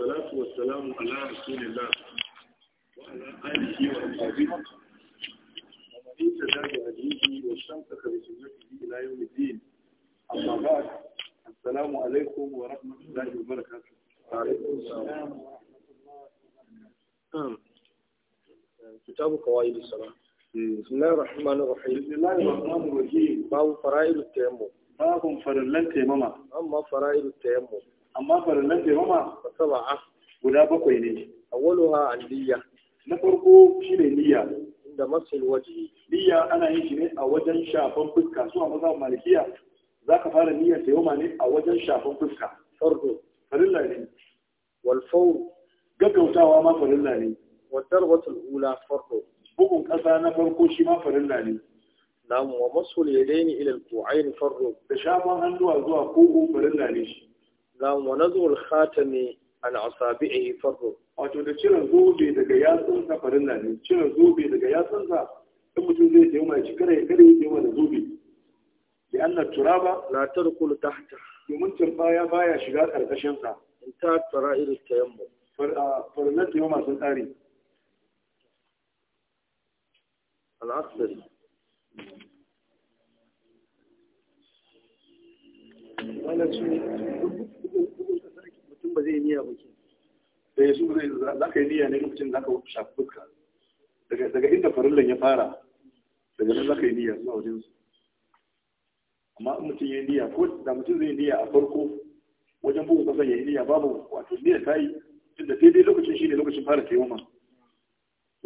والصلاة والسلام على رسول الله وعلى آله وصحبه ومن تدار هديه واستمسك بسنته إلى يوم الدين أما بعد السلام عليكم ورحمة الله وبركاته وعليكم السلام ورحمة الله كتاب قواعد الصلاة بسم الله الرحمن الرحيم بسم الله الرحمن الرحيم باب فرائض التيمم باب فرائض التيمم أما فرائض التيمم amma farallan taimama sab'a guda bakwai ne awwaluha an-niyya na farko Shi shine niyya da masul waje niyya ana yin shi ne a wajen shafan fuska su a mazhabin malikiya ka fara niyyar taimama ne a wajen shafan fuska farko farilla ne Walfau. gaggautawa ma farilla ne wa darbatul ula farko bugun kasa na farko shi ma farilla ne masu نعم ومصل اليدين الى الكوعين Da تشابه hannuwa zuwa زوا كوكو فرلا ليش na manazu al-khatami an asabi'i farko wato da cire zobe daga yatsun sa farin ne cire zobe daga yatsun sa in mutum zai je mai shikara ya kare ya wani zobe da anna turaba la tarkul tahta domin tambaya baya shiga karkashin sa in ta tsara irin tayammum farnan tayammum sun tsari al-asr wannan shi mutum ba zai niyya ba ke da ya su zai za ka yi niyya ne lokacin za ka shafi fuska daga inda farillan ya fara daga nan za ka yi niyya zuwa wajen su amma in mutum ya yi niyya ko da mutum zai niyya a farko wajen bugun kasan ya yi niyya babu wato niyya ta yi tunda sai dai lokacin shi ne lokacin fara taimama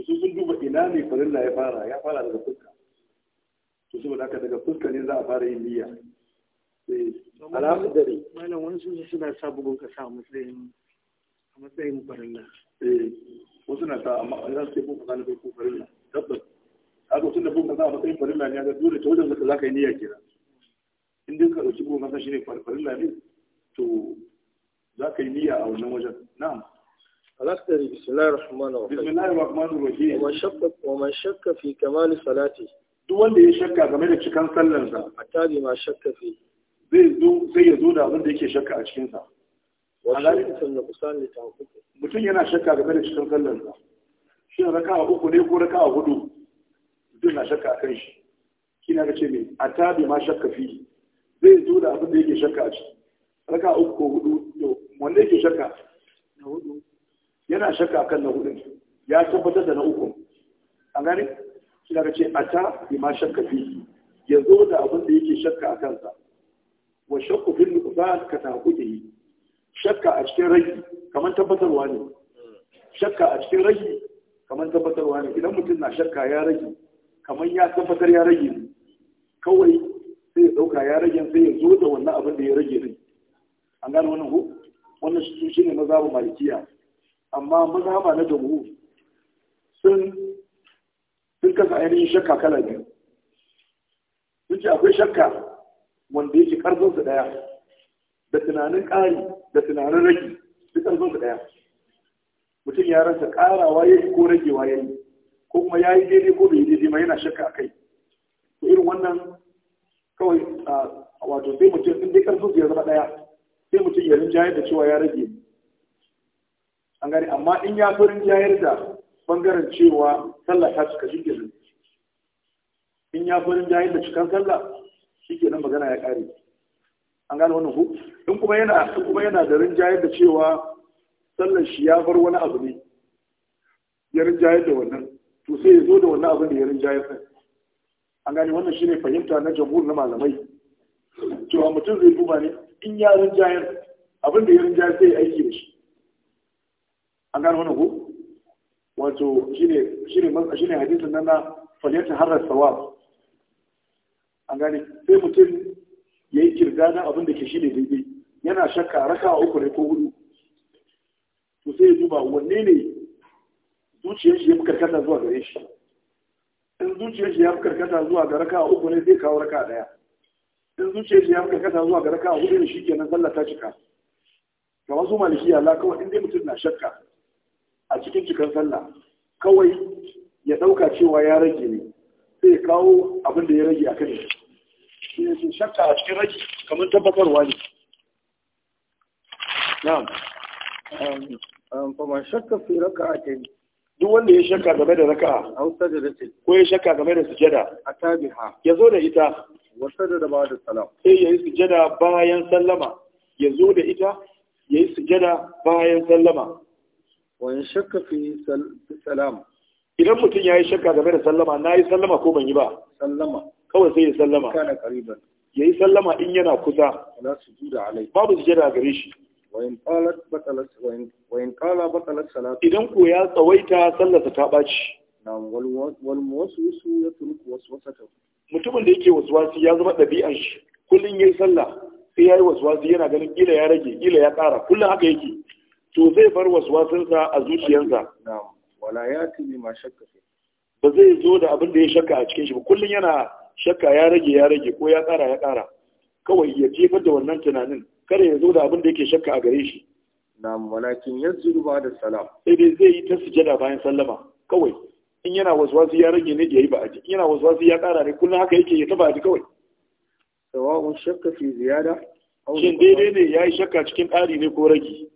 su sun duba ina ne farilla ya fara ya fara daga fuska to saboda daga fuska ne za a fara yin niyya alhamdulillah malam wani sun suna sa bugun kasa a matsayin a matsayin farilla eh wasu na sa amma an zasu bugun kasa ne ko farilla tabbas haka tun da bugun kasa a matsayin farilla ne ga dole ta wajen da zaka yi niyya kira in dai ka dauki bugun kasa shine farilla ne to ka yi niyya a wannan wajen na'am الأكثر بسم الله الرحمن الرحيم بسم الله الرحمن الرحيم ومن شك ومن شك في كمال صلاته duk wanda ya shakka game da cikan sallarsa a tabi ma shakka fi zai zo sai ya zo da abin da yake shakka a cikinsa mutum yana shakka game da cikin sallarsa shi raka a uku ne ko raka a hudu mutum na shakka a kan shi kina ga ce mai a tabi ma shakka fi zai zo da abin da yake shakka a ciki raka a uku ko hudu wanda yake shakka na hudu yana shakka a kan na hudun ya tabbatar da na uku an gane kina ga ce a ta bi ma shakka fi ya zo da abin da yake shakka a kansa wa shakku fil nuqsan ka ta taqudihi shakka a cikin ragi kaman tabbatarwa ne shakka a cikin ragi kaman tabbatarwa ne idan mutum na shakka ya rage kaman ya tabbatar ya rage ne kawai sai ya dauka ya rage sai ya zo da wannan abin da ya rage ne an gano wannan ko wannan shi shine mazhabu malikiya amma mazhaba na jumhur sun sun kasa ainihin shakka kala biyu sun ce akwai shakka wanda yake karfin su daya da tunanin ƙari da tunanin rage duk karfin su daya mutum ya rasa ƙarawa yayi ko ragewa yayi ko kuma yayi daidai ko bai daidai ma yana shakka akai to irin wannan kawai a wato sai mutum in dai karfin su ya zama daya sai mutum ya rinja da cewa ya rage an gani amma in ya fi rinja yadda bangaren cewa sallah ta cika shi in ya fi rinjayar da cikan sallah shike nan magana ya ƙare an gane wannan ku in kuma yana in kuma yana da rinjayar da cewa sallar shi ya bar wani abu ne ya rinjayar da wannan to sai ya zo da wannan abin da ya rinjayar sai an gane wannan shine fahimta na jamhur na malamai cewa mutum zai duba ne in ya rinjayar abin da ya rinjayar sai ya aiki da shi an gane wannan ku wato shine shine shine hadisin nan na falyata harra sawab an gane sai mutum ya yi kirga na abin da ke shi ne daidai yana shakka raka uku ne ko hudu to sai ya duba wanne ne zuciyar shi ya fi karkata zuwa gare shi in zuciyar shi ya fi karkata zuwa ga raka uku ne zai kawo raka daya in zuciyar shi ya fi karkata zuwa ga raka hudu ne shi kenan sallah ta cika ga wasu malikiya la kawai in dai mutum na shakka a cikin cikin sallah kawai ya ɗauka cewa ya rage ne sai ya kawo abin da ya rage a kan shi shakka a cikin raki kamar tabbatarwa ne na'am um, um, faman shakka fi raka'atin duk wanda ya shakka game da raka a wasu da sajadatin ko ya shakka game da sujada Ya zo da ita da sajada ba'da salam sai yi sujada bayan sallama zo da ita ya yi sujada bayan sallama wa shakka fi salam idan mutum ya yi shakka game da sallama na yi sallama ko ban yi ba sallama kawai sai ya sallama kana qariban yayi sallama in yana kusa Babu sujuda alai babu gare shi wayan qalat batalat wayan wayan qala batalat salat idan ko ya tsawaita sallarsa ta baci nam wal wal muwaswisu yatruku waswasata mutumin da yake waswasi ya zama dabi'an shi kullun yayi sallah sai yayi waswasi yana ganin kila ya rage kila ya ƙara kullun haka yake to zai bar waswasinsa a zuciyarsa nam wala yati ma shakka ba zai zo da abin da ya shakka a cikin shi ba kullun yana shakka ya rage ya rage ko ya ƙara ya ƙara kawai ya jefar da wannan tunanin kada ya zo da abin da yake shakka a gare shi na'am walakin yanzu, ba da salam sai dai zai yi ta sujada bayan sallama kawai in yana waswasi ya rage ne yayi ba'adi in yana waswasi ya ƙara ne kullum haka yake ya taba ba'adi kawai sawa'un shakka fi ziyada shin daidai ne ya yi shakka cikin ƙari ne ko rage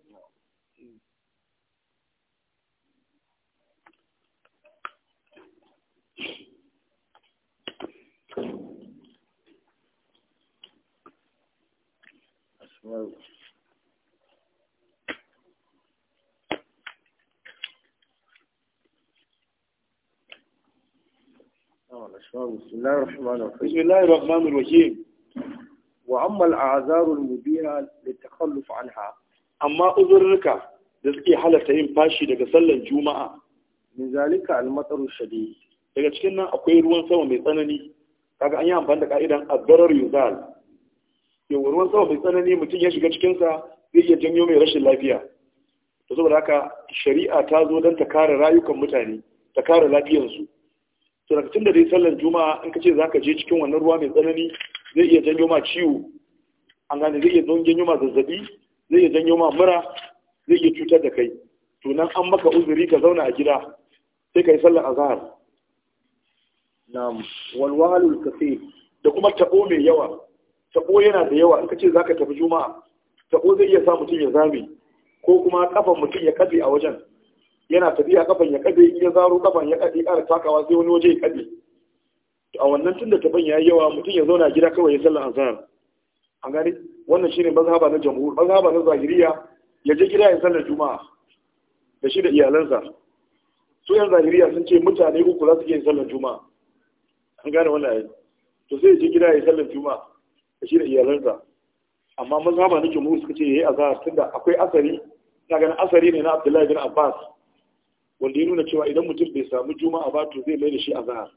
بسم الله الرحمن الرحيم بسم الله الرحمن وأما الأعذار المبينة للتخلف عنها أما أذرك حالة yin fashi daga sallan juma'a min zalika al-matar shadid daga cikin nan akwai ruwan sama mai tsanani kaga an yi amfani da ka'idan adbarar yuzal yau ruwan sama mai tsanani mutum ya shiga cikinsa zai iya janyo mai rashin lafiya to saboda haka shari'a ta zo don ta kare rayukan mutane ta kare lafiyarsu to da tunda dai sallar juma'a in ka ce za ka je cikin wannan ruwa mai tsanani zai iya janyo ma ciwo an gane zai iya janyo ma zazzabi zai iya janyo ma mura zai iya cutar da kai to nan an maka uzuri ka zauna a gida sai ka yi sallar azahar. na'am walwalul kafi da kuma tabo mai yawa tabo yana da yawa in ka ce za ka tafi juma'a tabo zai iya sa mutum ya zame ko kuma kafan mutum ya kafe a wajen yana tafiya kafan ya kade in ya zaro kafan ya kade ƙara takawa sai wani waje ya kade a wannan tunda taban yayi yawa mutum ya zauna gida kawai ya sallar azhar an gane wannan shine mazhaba na jamhur mazhaba na zahiriya ya je gida ya sallar juma'a da shi da iyalansa su yan zahiriya sun ce mutane uku za su iya sallar juma'a an gane wannan ayi to sai ya je gida ya sallar juma'a da shi da iyalansa amma mazhaba na jamhur suka ce yayi azhar tunda akwai asari ina ganin asari ne na Abdullahi bin Abbas wanda ya nuna cewa idan mutum bai samu juma'a ba to zai mai da shi Wani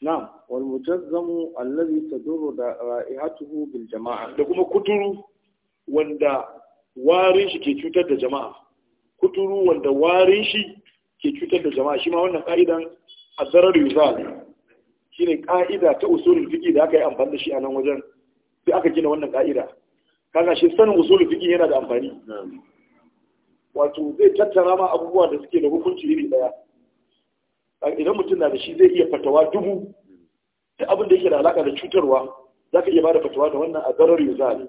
na'am wal mujazzamu allazi tadurru da ra'ihatuhu bil jama'a da kuma kuturu wanda warin shi ke cutar da jama'a kuturu wanda warin shi ke cutar da jama'a shi ma wannan ka'idan azzarar yuzal shine ka'ida ta usulul fiqi da aka yi amfani da shi a nan wajen sai aka gina wannan ka'ida kaga shi sanin usulul fiqi yana da amfani wato zai tattara ma abubuwa da suke da hukunci iri daya idan mutum na da shi zai iya fatawa dubu ta abin da yake da alaka da cutarwa za ka iya bada fatawa da wannan a zarar ya ne.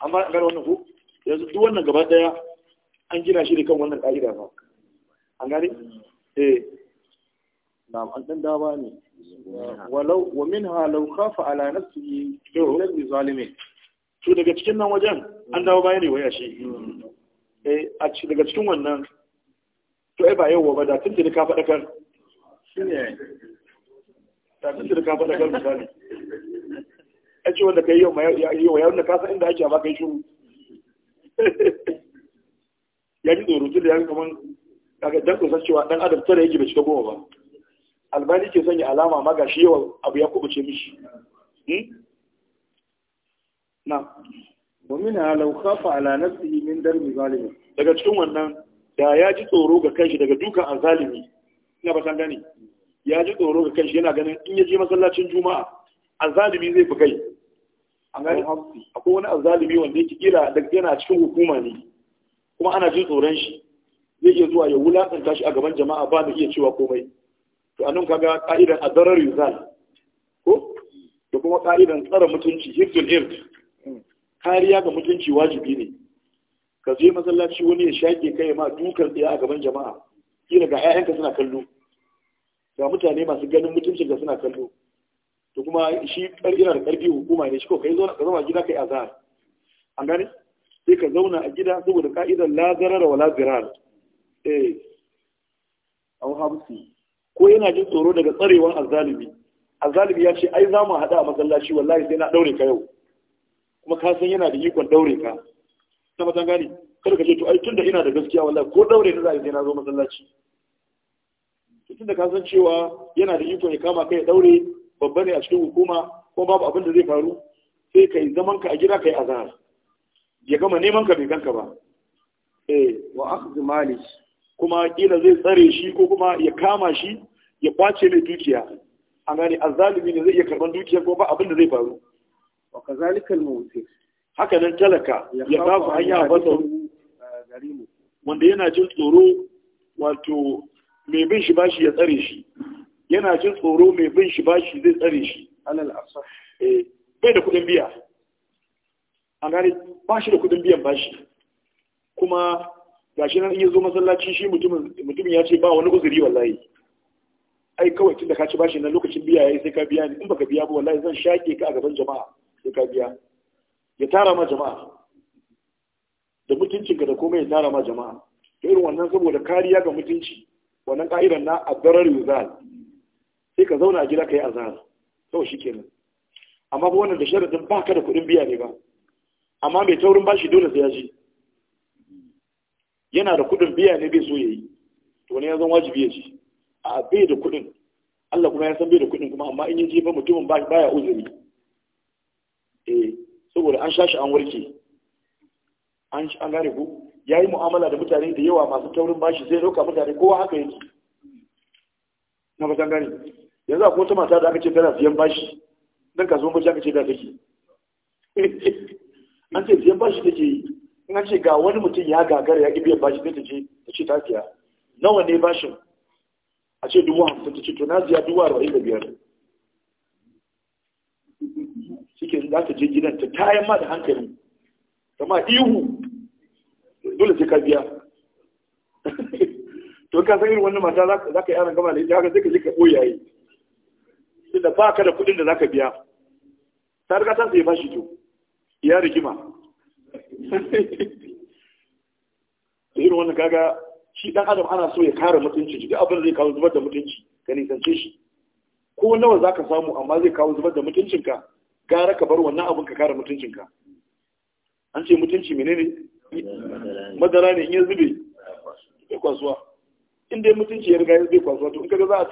amma a wannan ku. yanzu duk wannan gaba daya an gina shi da kan wannan ƙa'ida ba an gani? eh na'am an dan dawa ne walau wa minha law khafa ala nafsihi lam yuzalimi to daga cikin nan wajen an dawo baya ne waya shi mm. eh daga cikin wannan to ai ba yau ba da tun da ka faɗa kar shine da tun da ka faɗa kan misali a ce wanda kai yau ma yau yau ka san inda ake ba kai shuru ya ji tsoro tun da ya kaman daga dan kusan cewa dan adam tare yake bai shiga goma ba albani ke sanya alama ma gashi yau abu ya kubuce mishi hmm? na ومن لو خاف على نفسه من درب ظالم zalimi daga cikin wannan da ya ji tsoro ga kanshi daga dukan azalimi ina ba san gani ya ji tsoro ga kanshi yana ganin in ya je masallacin juma'a azalimi zai fi kai an gani akwai wani azalimi wanda yake kila daga yana cikin hukuma ne kuma ana jin tsoron shi zai iya zuwa ya wulakanta shi a gaban jama'a ba da iya cewa komai to anan kaga ka'idan adarar yuzal ko da kuma ka'idan tsara mutunci hifdul ird kariya ga mutunci wajibi ne ka je masallaci wani ya shaƙe kai ma dukan tsaya a gaban jama'a kira ga 'ya'yanka suna kallo ga mutane masu ganin mutuncin ka suna kallo to kuma shi yana da ƙarfi hukuma ne shi ko kai zauna ka zama gida kai azhar an gane sai ka zauna a gida saboda ka'idar la zarara wala zirar eh an hamsi ko yana jin tsoro daga tsarewan azzalimi azzalimi ya ce ai za mu haɗa a masallaci wallahi sai na ɗaure ka yau kuma ka san yana da ikon daure ka ta matan gani kada ka ce to ai tunda ina da gaskiya wallahi ko daure ne za a sai na zo masallaci tunda ka san cewa yana da ikon ya kama kai ya daure babba ne a cikin hukuma ko babu abin da zai faru sai ka yi zaman ka a gida ka yi azhar ya gama neman ka bai ganka ba eh wa akhdhi mali kuma kila zai tsare shi ko kuma ya kama shi ya kwace mai dukiya an gane azalimi ne zai iya karban dukiyar ko ba abin da zai faru wa kazalika al-mawsif haka nan talaka ya kafa hanya basa wanda yana jin tsoro wato mai bin shi bashi ya tsare shi yana jin tsoro mai bin shi bashi zai tsare shi alal asah eh bai da kudin biya an gani ba shi da kudin biyan bashi kuma gashi nan in yazo zo masallaci shi mutumin ya ce ba wani uzuri wallahi ai kawai tun da ka ci bashi nan lokacin biya yayi sai ka biya ni in baka biya ba wallahi zan shake ka a gaban jama'a sai ka biya ya tara ma jama'a da mutuncinka da komai ya tara ma jama'a ta irin wannan saboda kariya ga mutunci wannan ka'idar na addarar yuzal sai ka zauna a gida ka yi azhar sau shi kenan amma ba wannan da sharadin ba ka da kuɗin biya ne ba amma mai taurin bashi dole sai ya ji yana da kuɗin biya ne bai so ya yi to wani ya zan wajibi ya ji a bai da kuɗin Allah kuma ya san bai da kuɗin kuma amma in ya jefa ba mutumin baya uzuri E, saboda an shashi an warke an gane ku ya yi mu'amala da mutane da yawa masu taurin bashi zai ɗauka mutane kowa haka yake na ba san gane yanzu akwai wata mata da aka ce tana siyan bashi dan kasuwan bashi aka ce da take an ce siyan bashi take yi in an ce ga wani mutum ya gagara ya ibiyan bashi zai ta ce ta ce ta siya nawa ne bashin a ce dubu hamsin ta ce to na siya dubu arba'in da biyar za ta je gidan ta tayan ma da hankali kama ihu dole sai ka biya to ka san irin wannan mata za ka yi yaran gama da ita haka sai ka je ka boyaye tunda ba ka da kuɗin da za ka biya ta riga ta sai bashi to ya rigima irin wannan kaga shi dan adam ana so ya kare mutunci duk abin zai kawo zubar da mutunci ka nisance shi ko nawa za ka samu amma zai kawo zubar da mutuncinka gara ka bar wannan abin ka kare mutuncinka an ce mutunci menene madara ne in ya zube ya kwasuwa in dai mutunci ya riga ya zube kwasuwa to in kaga za a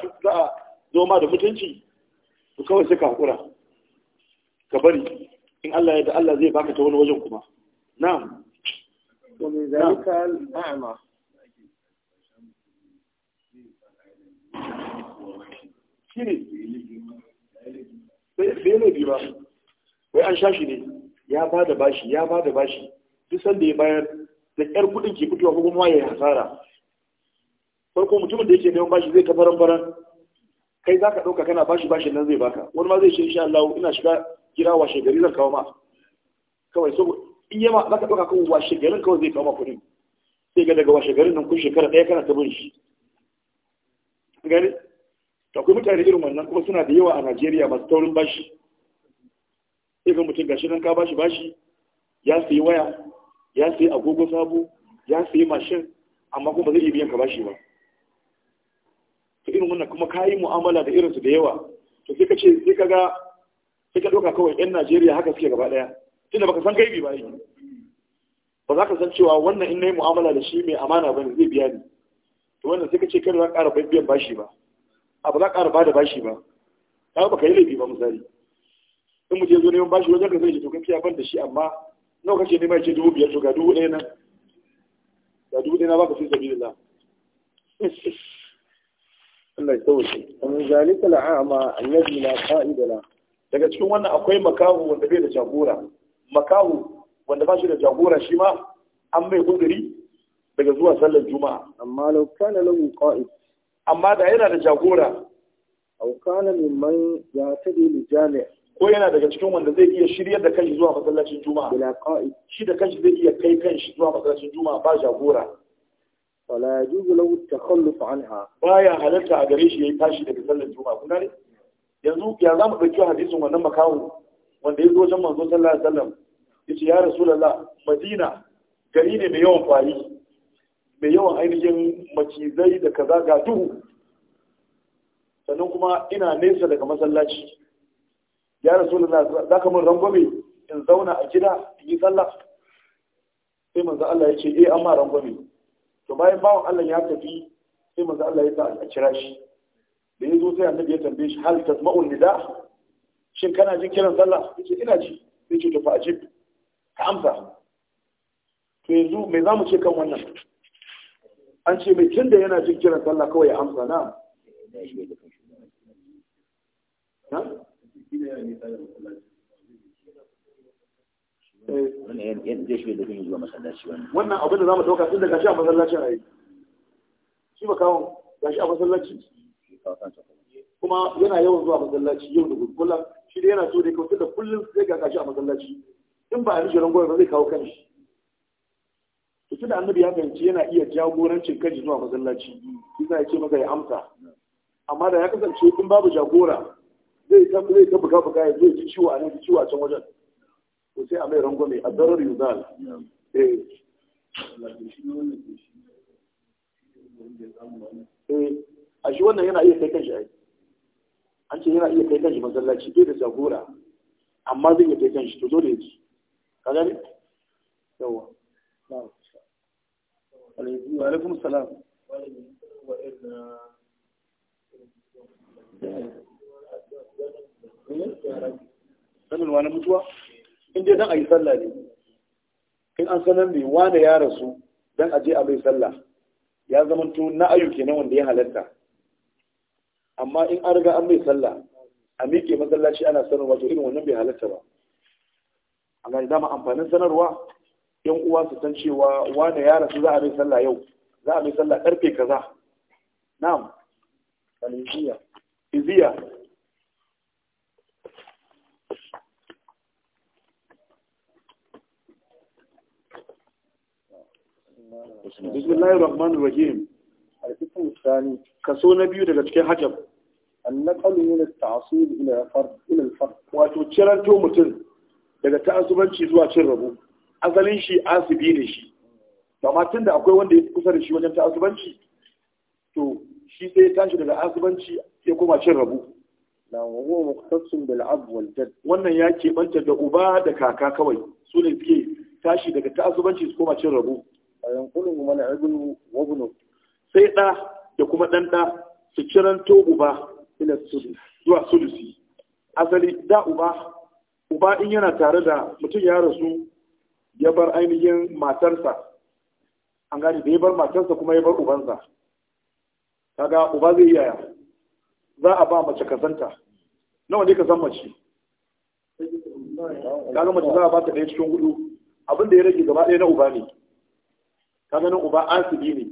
za a ma da mutunci to kawai sai ka hakura ka bari in Allah ya da Allah zai baka ta wani wajen kuma na'am to me zalika na'ama shine sai sai ne biyu ba wai an sha shi ne ya ba da bashi ya ba da bashi duk sanda ya bayar da ƴar kudin ke fitowa ko kuma ya hasara farko mutumin da yake neman bashi zai ta faran faran kai za ka ɗauka kana bashi bashi nan zai baka wani ma zai ce insha Allah ina shiga gida washe gari zan kawo ma kawai so in yama za ka ɗauka kawo washe garin kawai zai kawo ma kuɗin sai ga daga washe garin nan kun shekara ɗaya kana ta bin shi gani to akwai mutane irin wannan kuma suna da yawa a Najeriya masu taurin bashi sai ga mutum gashi nan ka bashi bashi ya sayi waya ya sayi agogo sabo ya sayi mashin amma kuma zai iya biyan ka bashi ba to irin wannan kuma kayi mu'amala da irinsu da yawa to sai ka ce sai ka ga sai ka ɗauka kawai 'yan Najeriya haka suke gaba ɗaya tunda baka san gaibi ba yi ba za ka san cewa wannan in na yi mu'amala da shi mai amana ba ne zai biya ni to wannan sai ka ce kai za ka ƙara biyan bashi ba a ba za ka ƙara ba da bashi ba ka ba ka yi laifi ba misali in mu je zo neman bashi wajen ka zai ce to gaskiya ban da shi amma nawa kake nema ce dubu biyar to ga dubu ɗaya nan ga dubu ɗaya na baka fi sabi da Allah ya tsawace amin zalika la'ama annabi la fa'ida la daga cikin wannan akwai makahu wanda bai da jagora makahu wanda ba shi da jagora shi ma an mai guduri daga zuwa sallar juma'a amma lau kana lahu qa'id amma da yana da jagora aw kana mimman ya tadi li jami' ko yana daga cikin wanda zai iya shiryar da kanshi zuwa masallacin juma'a shi da kanshi zai iya kai kanshi zuwa masallacin juma'a ba jagora wala yajuzu lahu takhalluf anha baya halatta a gare shi yayi tashi daga sallar juma'a kun gane yanzu ya za mu dauki hadisin wannan makawo wanda ya zo wajen manzo sallallahu alaihi wasallam yace ya rasulullah madina gari ne mai yawan fari mai yawan ainihin macizai da kaza ga duhu sannan kuma ina nesa daga masallaci ya rasu da za ka mun rangwame in zauna a gida in yi sallah sai manzo Allah ya ce eh amma rangwame to bayan bawan Allah ya tafi sai manzo Allah ya sa a kira shi da ya zo sai annabi ya tambaye shi hal tasma'ul nida shin kana jin kiran sallah yace ina ji sai ce to fa ajib ka amsa to yanzu me zamu ce kan wannan an ce mai tunda yana jin kiran sallah kawai ya amsa na wannan abin da za mu ɗauka tun da gashi a masallacin a yi shi ba kawon gashi a masallaci kuma yana yawan zuwa masallaci yau da gobe shi da yana so da kawai da kullum zai ga gashi a masallaci in ba a mishi rangon ba zai kawo kanshi to tun da annabi ya fahimci yana iya jagorancin kanshi zuwa masallaci shi ya ce maka ya amsa amma da ya kasance in babu jagora zai ta zai ta buga buga ya zo ji ciwo a nan ciwo a can wajen to sai a mai rangwame a zarar yuzal eh. eh a shi wannan yana iya kai kan a ai an ce yana iya kai kan shi masallaci bai da jagora amma zai iya kai shi to dole ya ci ka gani yawa alaikum salam Yeah. sanin wani mutuwa in dai dan a yi sallah ne in an sanar ne wani ya rasu don a je a bai sallah ya zamanto na ayyuke na wanda ya halatta amma in an riga an bai sallah a miƙe masallaci ana sanarwa to irin wannan bai halatta ba A da dama amfanin sanarwa yan uwa su san cewa wani ya rasu za a bai sallah yau za a bai sallah karfe kaza na'am iziya bismillahir rahmanir rahim al-qism thani kaso na biyu daga cikin hajab an-naqlu min at-ta'sib ila fard ila al-fard wato ciranto mutum daga ta'assubanci zuwa cin rabo Azalin shi asibi ne shi To amma tunda akwai wanda ya kusa da shi wajen ta'assubanci to shi sai ya tashi daga asibanci ya koma cin rabu na wawo muktasun bil wal jad wannan ya ke keɓanta da uba da kaka kawai su ne suke tashi daga ta'asubanci su koma cin rabu fayanqulu man ibnu wa ibnu sai da da kuma dan da su ciranto uba ila sulusi zuwa sulusi asali da uba uba in yana tare da mutum ya rasu ya bar ainihin matarsa an gani da ya bar matarsa kuma ya bar ubansa kaga uba zai yaya za a ba mace kasanta nawa ne ka san mace kaga mace za a ba ta ɗaya cikin huɗu. abin da ya rage gaba ɗaya na uba ne kaga nan uba asibi ne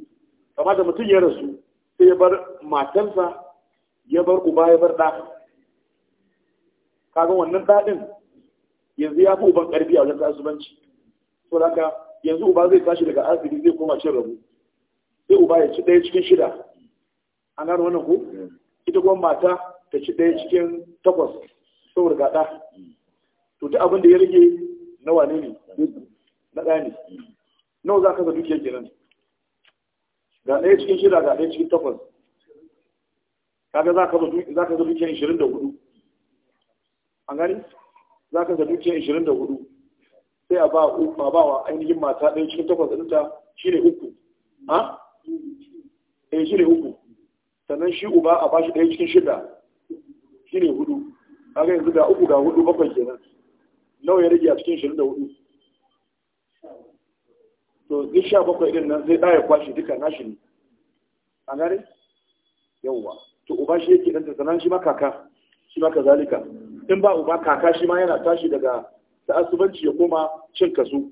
kama da mutum ya rasu sai ya bar matansa ya bar uba ya bar ɗa kaga wannan daɗin yanzu ya fi uban ƙarfi a wajen kasuwanci so haka yanzu uba zai tashi daga asibi zai koma cin rabu sai uba ya ci ɗaya cikin shida an gano wannan ko hmm. ita kuma mata ta ci ɗaya cikin takwas saboda gaɗa hmm. to ta abin da ya rage na wane ne hmm. na ɗaya ne nawa za ka ga dukiyar kenan ga ɗaya cikin shida ga ɗaya cikin takwas kaga za ka za ka ga dukiyar ishirin da hudu an gani za ka ga dukiyar ishirin da hudu sai a ba a ba wa ainihin mata ɗaya cikin takwas ɗinta shi ne uku ha eh shi ne uku sannan shi uba a ba shi ɗaya cikin shida shi ne hudu kaga yanzu ga uku ga hudu bakwai kenan nawa ya rage a cikin ishirin da hudu to duk sha bakwai din nan zai ɗaya kwashe duka nashi ne a gare yawwa to uba shi yake ɗanta tsanan shi ma kaka shi ma kazalika in ba uba kaka shi ma yana tashi daga asubanci ya koma cin kasu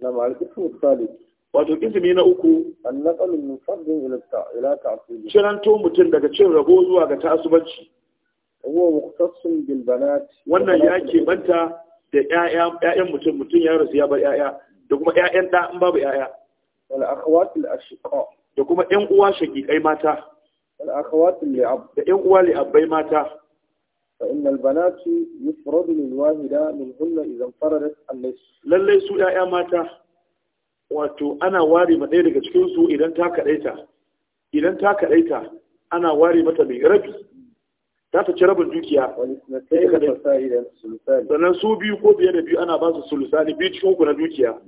na malikin misali wato izini na uku annaqal min fardin ila ila ta'assubi to mutum daga cin rago zuwa ga asubanci huwa muqtasim bil banat wannan ya banta da ƴaƴan mutum mutum ya rasu ya bar ƴaƴa da kuma ƴaƴan da in babu ƴaƴa wal akhawatul ashqa da kuma ƴan uwa shaqiqai mata wal akhawatul li'ab da ƴan uwa li'abbai mata fa innal banati yufradu lil wahida hunna idan faradat an-nis lalle su ƴaƴa mata wato ana ware ma ɗaya daga cikin su idan ta kadaita idan ta kadaita ana ware mata mai rabi ta ta ci rabin dukiya sannan su biyu ko biyar da biyu ana ba su sulusani biyu cikin uku na dukiya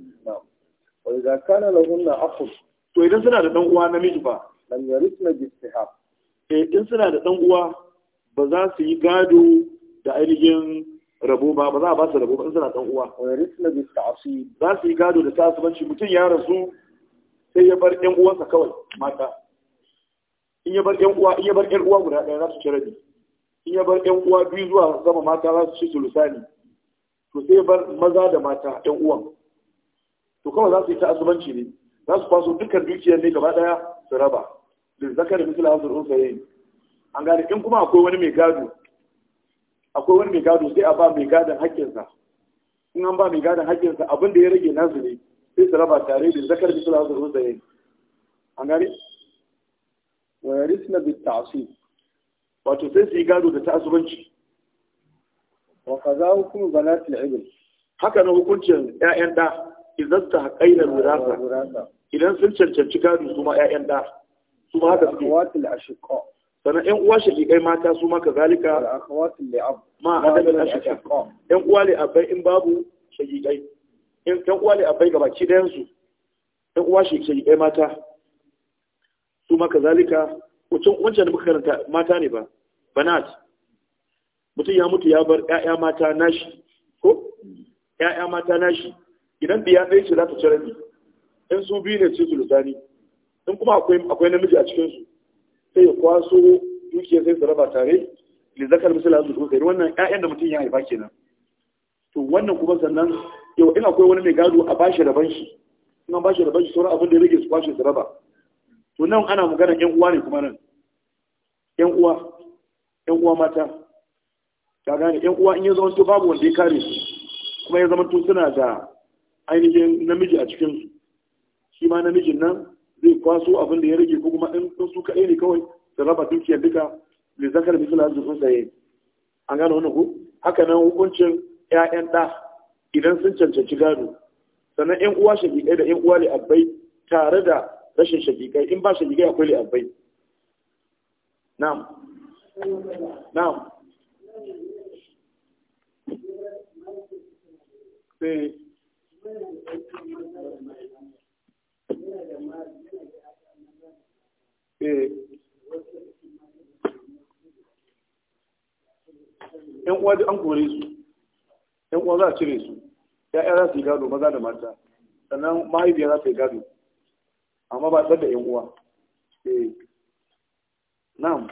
wa idza kana lahunna akhun to idan suna da dan uwa namiji ba lam yarisna bi istihab eh in suna da dan uwa ba za su yi gado da ainihin rabo ba ba za a ba su rabo ba in suna dan uwa wa yarisna bi ta'sib za su yi gado da tasubanci mutum ya rasu sai ya bar yan uwansa kawai mata in ya bar yan uwa in ya bar yan uwa guda ɗaya za su ci rabi in ya bar yan uwa biyu zuwa sama mata za su ci sulusani to sai bar maza da mata yan uwan to kawai za su yi ta'assubanci ne za su kwaso dukkan dukiyar ne gaba daya su raba da zakar misali hazur unsayin an gane in kuma akwai wani mai gado akwai wani mai gado sai a ba mai gadon haƙƙinsa in an ba mai gadon haƙƙinsa abin da ya rage nasu ne sai su raba tare da zakar da misali hazur unsayin an gane wa yarisna bi ta'sib wato sai su yi gado da ta'assubanci wa kaza hukumu banatil ibn haka na hukuncin ƴaƴan da idan ta haƙainar wurasa idan sun cancanci gado su ma 'ya'yan da su ma haka suke sannan 'yan uwa shaƙiƙai mata su ma kazalika ma adamin ashiƙa 'yan uwa ne abai in babu shaƙiƙai 'yan uwa ne abai ga baki ɗayansu 'yan uwa shaƙiƙai mata su ma kazalika wancan da muka karanta mata ne ba banat mutum ya mutu ya bar 'ya'ya mata nashi ko 'ya'ya mata nashi idan biya ɗaya ce za ta ci rabi in su biyu ne ce su lusani in kuma akwai namiji a cikinsu sai ya kwaso dukiya sai su raba tare da zakar misali su zuwa kai wannan ƴaƴan da mutum ya haifa kenan to wannan kuma sannan yau in akwai wani mai gado a bashi raban shi in an bashi raban shi sauran abin da ya rage su kwashe su raba to nan ana magana ƴan uwa ne kuma nan ƴan uwa ƴan uwa mata ka gane ƴan uwa in ya zama to babu wanda ya kare su kuma ya zama to suna da ainihin namiji a cikinsu shi ma namijin nan zai kwaso abin da ya rage ko kuma in su kaɗai ne kawai da raba dukiyar duka da zakar bisu da sun tsaye an gano wani ku haka nan hukuncin 'ya'yan ɗa idan sun cancanci gado sannan 'yan uwa shafiƙai da 'yan uwa li'abbai tare da rashin shafiƙai in ba shafiƙai akwai li'abbai na'am na'am Eh. ‘yan uwa an kore su ‘yan uwa za a cire su ‘ya'ya za su yi gado maza da mata sannan mahaifiya za su yi gado amma ba tsar da ‘yan uwa eh. na'am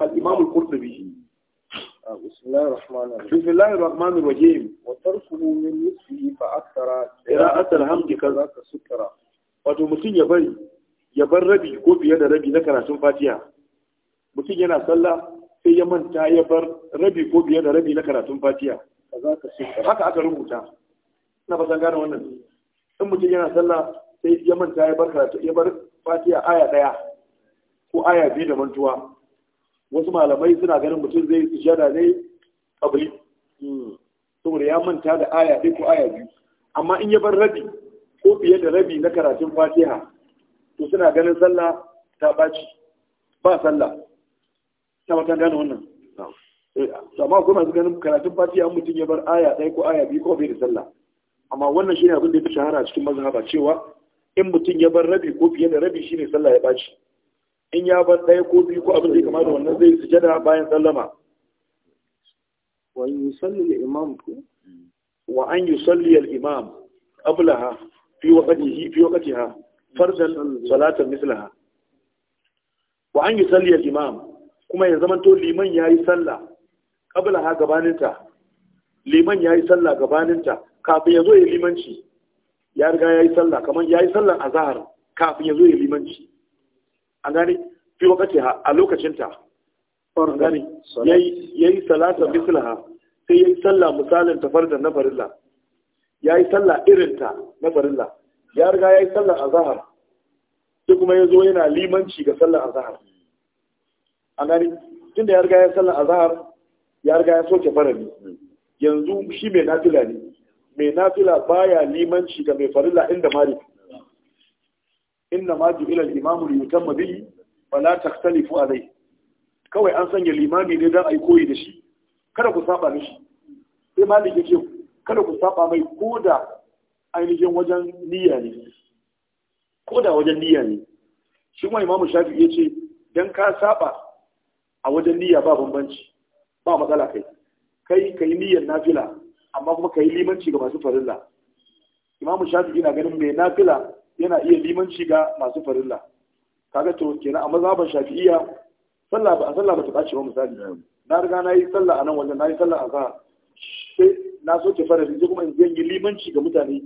al'imamul kurtubi بسم الله الرحمن الرحيم بسم الله الرحمن الرحيم وتركه من نصفه فأكثر قراءة الحمد كذا سكرا wato mutum ya bari ya bar rabi ko fiye da rabi na karatun fatiha mutum yana sallah sai ya manta ya bar rabi ko fiye da rabi na karatun fatiha haka aka rubuta na fasan gane wannan in mutum yana sallah sai ya manta ya bar karatu ya bar fatiha aya daya ko aya biyu da mantuwa wasu malamai suna ganin mutum zai sujada ne kabli saboda ya manta da aya ɗaya ko aya biyu amma in ya bar rabi ko fiye da rabi na karatun fatiha to suna ganin sallah ta ɓaci ba sallah ta matan gane wannan eh, amma kuma masu ganin karatun fatiha mutum ya bar aya ɗaya ko aya biyu ko fiye da sallah amma wannan shine abin da ya fi shahara cikin mazhaba cewa in mutum ya bar rabi ko fiye da rabi shine sallah ya ɓaci in ya ban ɗaya ko biyu ko abin da ya kamata wannan zai su jada bayan sallama wa an yusalli ya imam wa an yusalli ya imam ha, fi waqtihi fi farzan salatar salatan ha. wa an yusalli ya imam kuma ya zama to liman ya salla, sallah ha gabaninta liman ya yi sallah gabaninta kafin ya zo ya limanci ya riga ya yi sallah kamar yi sallan zahar, kafin ya zo ya limanci an gane fi wakati ha a lokacinta an gane yi salata mislaha sai ya yi sallah misalin ta farda na farilla yi sallah irin ta na farilla ya riga ya yayi a zahar? sai kuma ya zo yana limanci ga a zahar? an gane tunda ya riga ya yayi a zahar, ya riga ya soke farali yanzu shi mai nafila ne mai nafila baya limanci ga mai farilla inda malik inna ma ju'ila al-imamu li yutamma bihi fala takhtalifu alayhi kawai an sanya limami ne dan ai koyi da shi kada ku saba mishi sai malik yake kada ku saba mai koda ainihin wajen niyya ne koda wajen niyya ne shi kuma imamu shafi'i yace dan ka saba a wajen niyya ba bambanci ba matsala kai kai kai niyyar nafila amma kuma kai limanci ga masu farilla imamu shafi'i na ganin mai nafila yana iya limanci ga masu farilla kaga to kenan a ba shafi'iyya sallah ba sallah ba ta bace ba misali na riga na yi sallah a nan wajen na yi sallah a zahar sai na so soke fara sai kuma in zan yi limanci ga mutane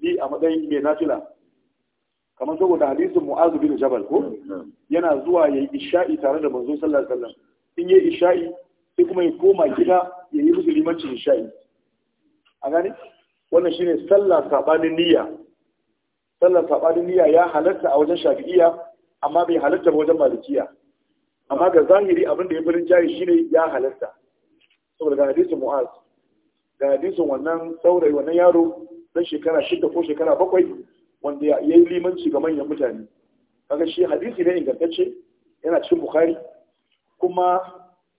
bi a matsayin mai nafila kamar saboda hadisin mu'az bin jabal ko yana zuwa ya yi isha'i tare da manzo sallallahu alaihi wasallam in yi isha'i sai kuma ya koma gida ya yi musu limancin isha'i a gani wannan shine sallah sabanin niyya sallar saɓanin niyya ya halatta a wajen shafi'iyya amma bai halatta ba wajen malikiya amma ga zahiri abin da ya firin jayi shine ya halatta saboda ga hadisin mu'az ga hadisin wannan saurayi wannan yaro dan shekara shida ko shekara bakwai wanda ya yi limanci ga manyan mutane kaga shi hadisi ne ingantacce yana cikin bukari kuma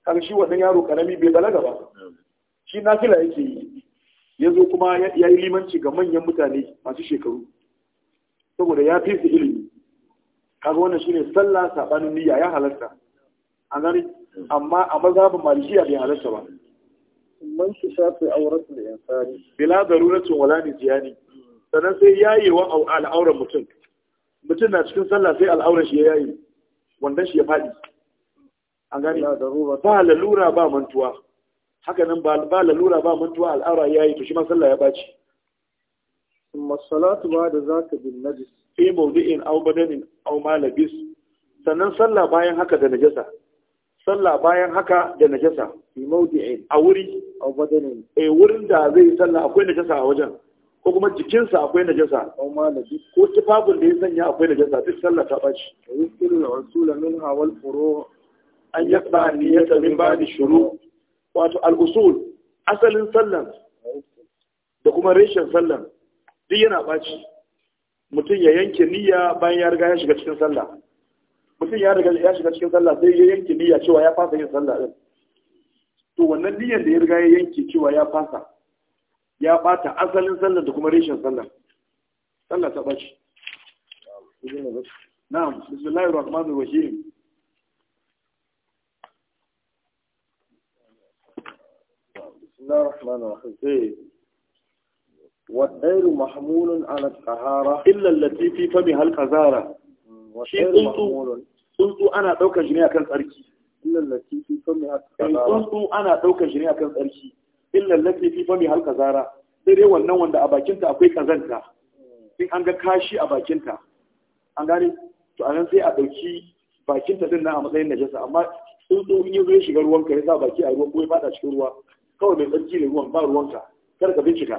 kaga shi wannan yaro karami bai balaga ba shi nafila yake yi ya zo kuma ya yi limanci ga manyan mutane masu shekaru saboda ya fi su ilimi kaga wannan shine sallah sabanin niyya ya halarta an gani amma a mazhabin malikiya bai halarta ba man su shafi auratu da insani bila daruratin wala jiyani sannan sai yayewa al'auran mutum mutum na cikin sallah sai al'auran shi ya yaye wanda shi ya faɗi an gani ba lalura ba mantuwa haka nan ba lalura ba mantuwa al'aura ya yi to shi ma sallah ya baci ثم الصلاة بعد ذاك بالنجس في موضع أو بدن أو ما لبس sannan sallah bayan haka da najasa sallah bayan haka da najasa fi mawdi'in a wuri aw badanin eh wurin da zai sallah akwai najasa a wajen ko kuma jikinsa akwai najasa aw ma labis ko tufafin da ya sanya akwai najasa duk sallah ta baci yusiru al-usula minha wal furu' an yaqba niyyata min ba'di shuru wato al-usul asalin sallan da kuma reshen sallan duk yana ɓaci mutum ya yanke niyya bayan ya riga ya shiga cikin sallah mutum ya riga ya shiga cikin sallah sai ya yanke niyya cewa ya fasa yin sallah din to wannan niyyar da ya riga ya yanke cewa ya fasa ya bata asalin sallah da kuma reshen sallah sallah ta ɓaci na'am bismillahir rahmanir rahim بسم الله الرحمن الرحيم والطير محمول على الطهارة إلا التي في فمها القذارة شيء قلت قلت أنا دوك جنيا كان تركي إلا التي في فمها القذارة قلت أنا دوك جنيا كان تركي إلا التي في فمها القذارة sai wannan wanda a bakinta akwai kazanta in an ga kashi a bakinta an gane to a nan sai a ɗauki bakinta din na a matsayin najasa amma tsuntsu in yi zai shiga ruwanka ya sa baki a ruwan ko ya fada cikin ruwa kawai mai tsarki ne ruwan ba ruwanka kar ka bincika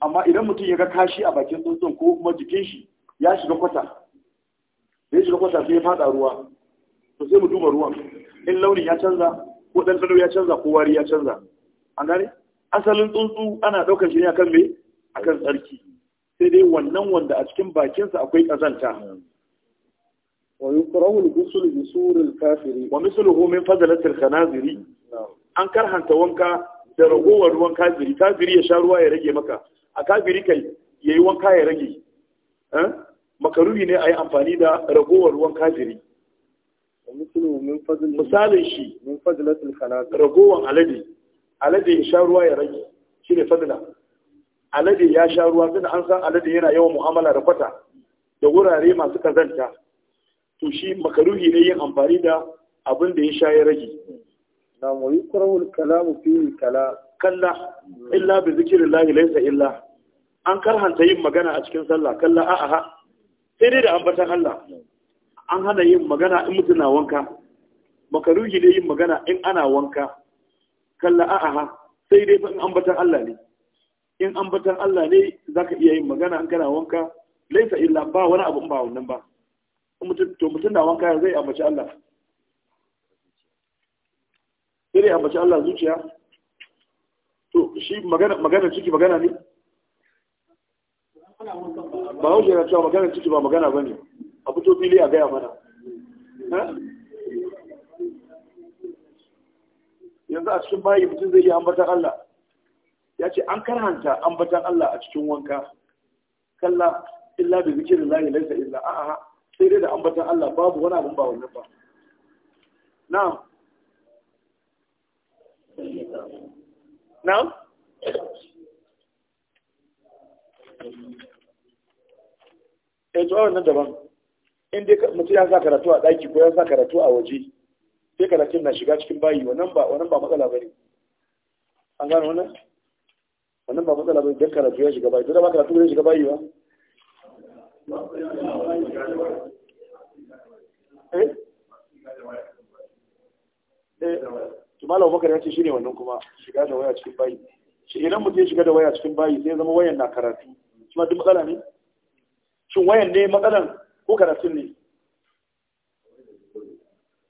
amma idan mutum ya ga kashi a bakin tsuntsun ko kuma jikin shi ya shiga kwata ya shiga kwata sai ya fada ruwa to sai mu duba ruwan in launin ya canza ko ɗanɗano ya canza ko wari ya canza an gane asalin tsuntsu ana ɗaukar shi ne akan me akan tsarki sai dai wannan wanda a cikin bakinsa akwai ƙazanta wa yukrahu al-ghusl bi suril kafiri wa misluhu min fadlat al-khanaziri an karhanta wanka da ragowar ruwan kafiri kafiri ya sha ruwa ya rage maka a kafiri kai ya yi wanka ya rage eh? makaruri ne a yi amfani da ragowar ruwan kafiri misalin shi ragowar alade alade ya sha ruwa ya rage shi ne fadila alade ya sha ruwa tunda an san alade yana yawan mu'amala da kwata da wurare masu kazanta to shi makaruri ne yin amfani da abin da ya sha ya rage na mu yi kurawul kalamu fi kala kalla illa bi zikrillahi laysa illa an karhanta yin magana a cikin sallah kalla a ha, sai dai da ambatan Allah an hana yin magana in mutum na wanka makaruhi ne yin magana in ana wanka kalla a ha, sai dai in ambatan Allah ne in ambatan Allah ne zaka iya yin magana in kana wanka laisa illa ba wani abu ba wannan ba mutum to mutum na wanka zai ambaci Allah sai dai ambaci Allah zuciya to shi magana ciki magana ne ba hau na cewa magana ciki ba magana ba ne a fito fili a gaya mana yanzu a cikin bayi mutum zai yi ambatan Allah ya ce an karhanta ambatan Allah a cikin wanka kalla illa bi zikirin lahi laisa illa a'a sai dai da ambatan Allah babu wani abin ba wannan ba na'am نعم eh to wannan daban in mutum ya sa karatu a ɗaki ko ya sa karatu a waje sai karatun na shiga cikin bayi wannan ba wannan ba matsala bane an gano wannan wannan ba matsala bane don karatu ya shiga bayi to da ba karatu ya shiga bayi ba eh eh to malam bakar ya ce shine wannan kuma shiga da waya cikin bayi shi idan mutum ya shiga da waya cikin bayi sai zama wayan na karatu shi ma duk matsala ne shin wayan ne matsalan ko karatun ne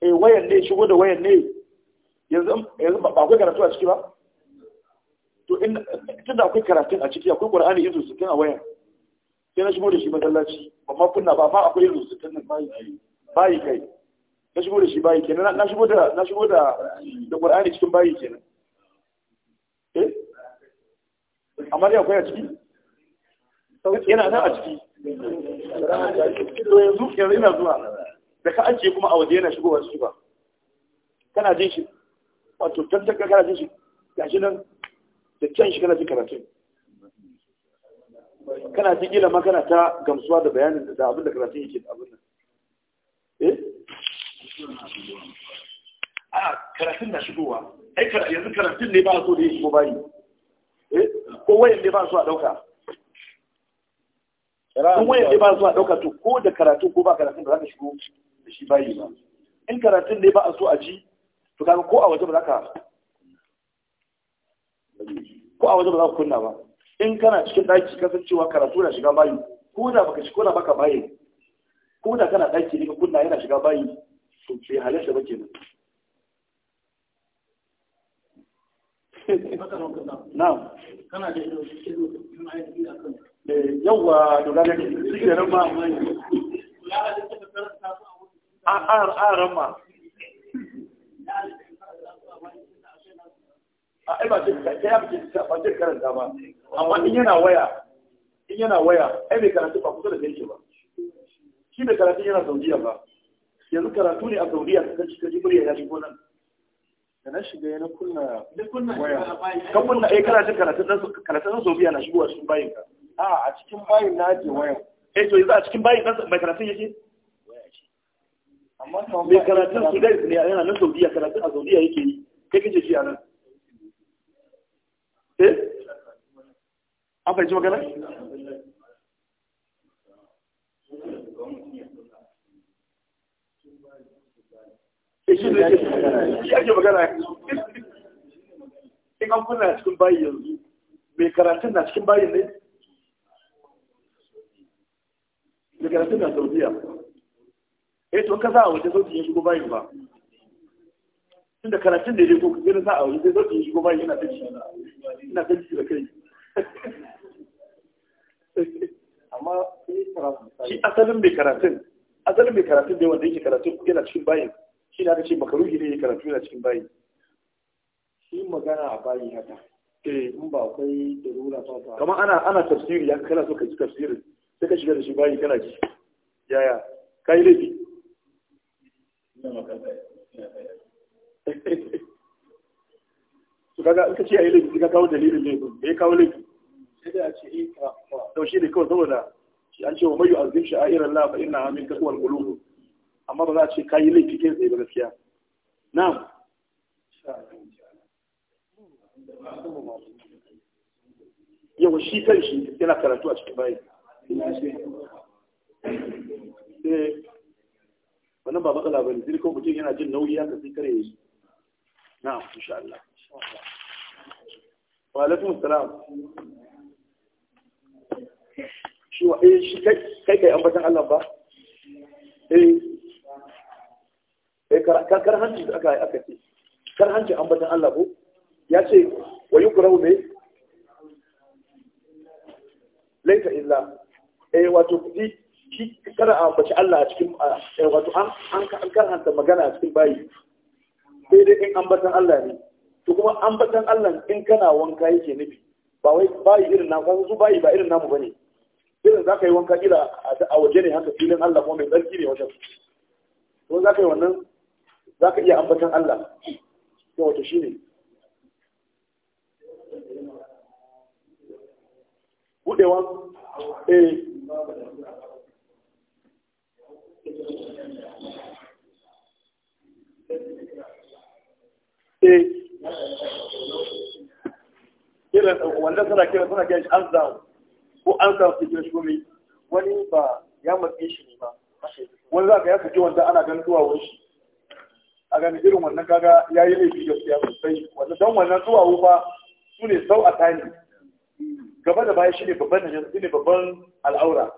eh wayan ne shigo da wayan ne yanzu yanzu ba akwai karatu a ciki ba to in tunda akwai karatun a ciki akwai qur'ani izu sittin a waya? sai na shigo da shi masallaci amma kunna ba ma akwai izu sittin nan bayi bayi kai na shigo da shi bayi kenan na shigo da na shigo da da Qur'ani cikin bayi kenan eh amma dai akwai a ciki yana nan a ciki to yanzu yanzu ina zuwa da ka ajiye kuma a waje yana shigowa ciki ba kana jin shi wato tantaka kana jin shi gashi nan da can shi kana jin karatun kana jin ilama kana ta gamsuwa da bayanin da abin da karatun yake da abin nan eh a karatun na shigowa ai yanzu karatun ne ba so da ya shigo bayi eh? ko wayan ne ba so a dauka ko wayan ne ba so a dauka to ko da karatu ko ba karatun da za ka shigo da shi bayi ba in karatun ne ba a so a ji to kaga ko a waje ba za ka ko a waje ba za ka kunna ba in kana cikin daki kasancewa karatu na shiga bayi ko da baka shi ko da baka bayi ko da kana daki ne ka kunna yana shiga bayi to bai ba ke nan kana da yawa eh, to gane shi da ran ma a ran ma a ba ce ba ce karanta ba amma in yana waya in yana waya ai bai karatu ba kusa da kai ba shi bai karatu yana saudiya ba yanzu karatu ne a saudiya ka kaji kaji murya ya shigo nan da na shiga yana kunna waya Kan kunna eh kana jin karatun nan karatun nan saudiya na a cikin bayin ka a a cikin bayin na je waya eh to yanzu a cikin bayin dan mai karatun yake amma mai karatun su dai ne yana nan saudiya karatun a saudiya yake yi kai kace shi a nan eh an fahimci magana shi ake magana in an kunna cikin bayi yanzu mai karatun na cikin bayi ne Me karatun na saudiya eh to ka za a waje sautin ya shigo bayin ba tunda karatun da ya dai ko ka za a waje sai sautin ya shigo bayin yana da shi. ina da shi da kai amma shi sanin me karatun A sanin me karatun da wanda yake karatun yana cikin bayin shi da aka ce makaruhi ne karatu yana cikin bayi shi magana a bayi haka eh. in ba kai da rura ba kamar ana ana tafsiri ya kana so ka ji tafsirin sai ka shiga da shi bayi kana ji yaya kai laifi su kaga in ka ce a ayi laifi ka kawo dalilin laifin me kawo laifi sai da a ce eh ka to shi ne kawai saboda an ce wa mayu azim sha'airan la fa inna amin taqwal amma ba za a ce ka yi laifi kai tsaye ba gaskiya na'am yawa shi kan shi yana karatu a cikin bayi eh, wannan ba matsala ba ne sai kuma mutum yana jin nauyi haka sai kare yi na'am insha Allah wa alaikum salam shi wa eh shi kai kai ambatan Allah ba eh eh kar hanci da aka aka ce kar hanci ambatan Allah ko ya ce wa yi yukrahu ne laita illa eh wato kudi shi kar a ambaci Allah a cikin eh, wato an an karhanta magana a cikin bayi sai dai in ambatan Allah ne to kuma ambatan Allah in kana wanka yake nufi ba wai bayi irin na wasu bayi ba irin namu bane irin za ka yi wanka kila a waje ne haka filin Allah kuma mai tsarki ne wajen to za ka yi wannan za ka iya ambatan Allah yau wato shi ne buɗewa eh eh irin wannan suna kira suna kira shi an zawo ko an zawo su kira shi wani ba ya matsi shi ne ba wani za ka ya fi ji wanda ana ganin duwawar shi a gani irin wannan kaga ya yi laifi gaskiya sosai wanda don wannan zuwa ba su ne sau a tani gaba da baya ne babban yanzu ne babban al'aura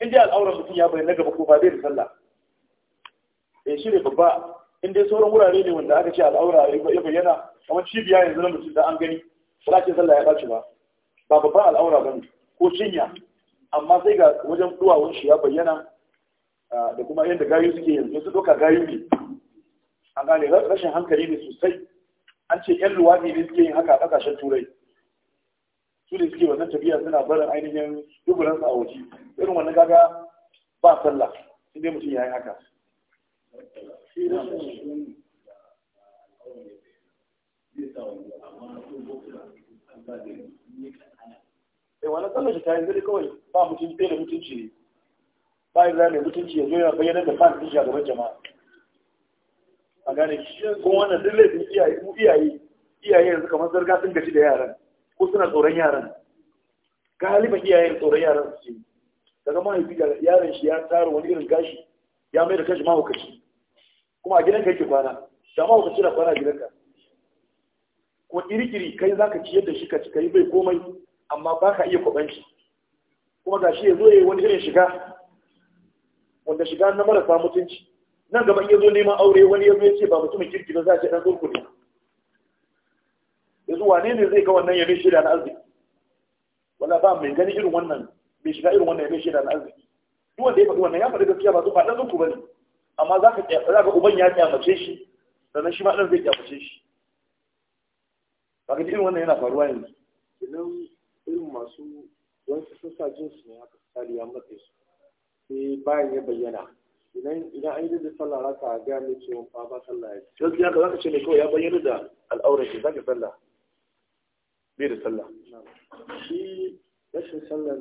in dai al'aura mutum ya bayyana gaba ko ba zai da sallah eh ne babba in dai sauran wurare ne wanda aka ce al'aura ya bayyana kamar cibiya yanzu na mutum da an gani ba za ce sallah ya ɓaci ba ba babban al'aura ba ne ko cinya amma sai ga wajen duwawun shi ya bayyana ah, da kuma yadda gayu suke yanzu su ɗauka gayu ne an gane rashin hankali ne sosai an ce yan luwaɗi ne suke yin haka a ƙasashen turai su ne suke wannan tafiya suna barin ainihin duburan a waje irin wannan gaga ba sallah inda dai mutum ya yi haka Eh wani tsallar shi ta yi zai kawai ba mutum ɗaya da mutunci ne ba yi zai mai mutunci ya zo ya bayyana da fa'in shi a gaban jama'a a gane shi kuma wannan duk laifin iyaye mu iyaye iyaye yanzu kamar zarga sun gaji da yaran ko suna tsoron yaran galiban iyayen tsoron yaran su ce daga mahaifi da yaron shi ya tsara wani irin gashi ya mai da kashi mahaukaci kuma a gidanka yake kwana da mahaukaci na kwana a gidanka ko kirkiri kai za ka ciyar da shi ka ci kai bai komai amma ba ka iya kwaban shi kuma gashi ya zo ya yi wani irin shiga wanda shiga na marasa mutunci nan gaba ya zo neman aure wani ya zo ya ce ba mutumin kirki ba za a ce ɗan zurku ne yanzu wane ne zai ga wannan ya mai shaida na arziki wala ba mai gani irin wannan mai shiga irin wannan ya mai shaida na arziki duk wanda ya faɗi wannan ya faɗi gaskiya ba su ba dan zurku ne. amma za ka za ka uban ya kyamace shi sannan shi ma ɗan zai kyamace shi ba ka irin wannan yana faruwa yanzu idan irin masu wasu sun sa jinsu ne haka tsari ya matsa su sai bayan ya bayyana idan idan an yi da sallah raka a gaya mai cewa fa ba sallah ya ce gaskiya ka zaka ce ne kawai ya bayyana da al'aurar shi zaka sallah bai da sallah shi rashin sallah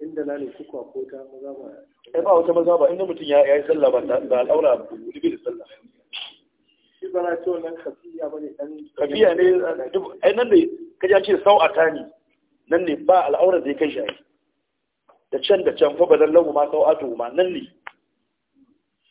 inda na ne kuka ko ta maza ba ai ba wata maza ba inda mutum ya yi sallah ba da al'aura bai da sallah shi ba na ce kafiya ba ne dan kafiya ne ai nan ne kaji ce sau'ata ne nan ne ba al'aurar da kai shi da can da can fa bazan lahu ma sau'atu ma nan ne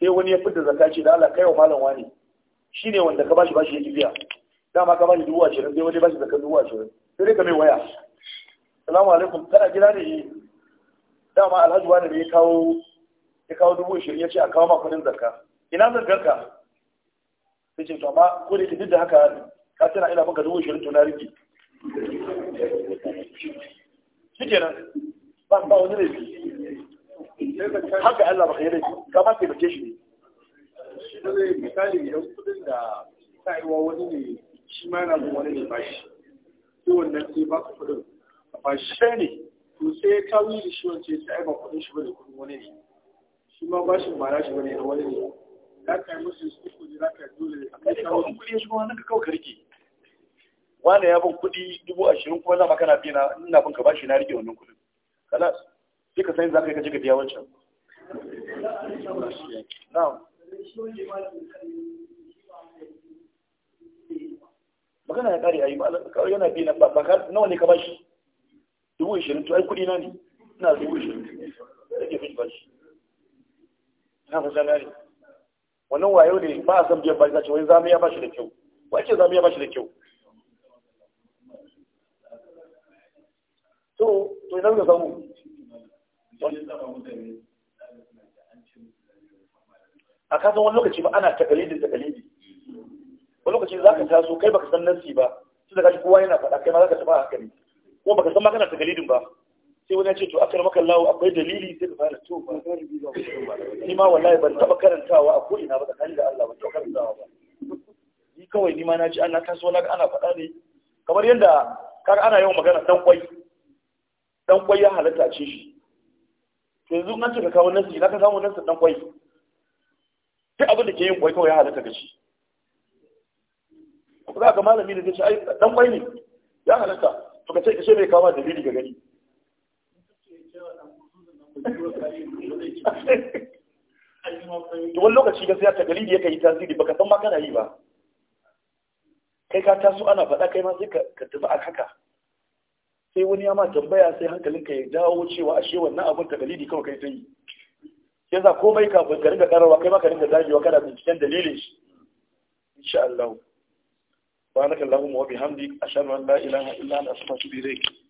sai wani ya fita zakka ce da Allah kai wa malam wani shine wanda ka bashi bashi yake biya dama ka bashi dubu ashirin sai wani bashi zakka dubu ashirin sai dai ka mai waya assalamu alaikum kana gida ne dama alhaji wani ne ya kawo ya kawo dubu ashirin ya ce a kawo ma kudin zakka ina zangarka sai ce to amma ko da duk da haka ka tana ina maka dubu ashirin to na rike shi kenan ba wani laifi haka Allah baka yi laifi ka ba taimake shi ne misali idan kudin da sa'iwa wani ne shi ma yana zuwa wani ne bashi sai wannan sai ba ka kudin a bashi sai ne to sai ka wuri shi wance sai ba kudin shi bane kudin wani ne shi ma ba shi ba nashi bane na wani ne za ka yi musu su kuɗi za ka yi dole a kai kawo kuɗi shi ma ka kawo ka rike wani ya bin kuɗi dubu ashirin kuma za ma kana bi na ina bin ka bashi na rike wannan kuɗin kalas sai ka san za ka yi kaji ka biya wancan na'am magana ya kare a yi ba. yana biya na baka nawa ne ka ba shi dubu ishirin to ai kuɗi na ne ina dubu ishirin da ke fi ba shi na fi ne. wannan wayo ne ba a san biyan bashi zace wai zamiya ba shi da kyau wace zamiya ba shi da kyau to to idan ka samu a kasan wani lokaci ba ana takalidin takalidi wani lokaci za ka taso kai baka san nasi ba su da kashi kowa yana faɗa kai ma za ka taɓa hankali kuma baka san ma kana takalidin ba sai wani ya ce to akar maka lawo akwai dalili sai ka fara to ba ni ma wallahi ban taɓa karantawa a ko'ina ba tsakanin da Allah ban taɓa karantawa ba ni kawai ni ma na ji ana taso na ana faɗa ne kamar yadda kaga ana yawan magana dan kwai dan kwai ya halatta a ce shi yanzu an ce ka kawo nasi za ka samu nasi dan kwai duk abin da ke yin kwai kawai ya halatta da shi ku za ka malami da ce ai dan kwai ne ya halatta to ka ce ka ce mai kawo dalili ga gani to wani lokaci gaskiya ta dalili yake yi tasiri baka san ma kana yi ba kai ka taso ana faɗa kai ma sai ka tafi a haka sai wani ya ma tambaya sai hankalinka ya jawo cewa ashe wannan abin ta dalili kawai kai sai yasa komai kafin ka ringa karawa kai ma ka ringa zagewa kana binciken dalilin shi insha Allah Allahumma wa وبحمدك ashhadu an la ilaha illa anta astaghfiruka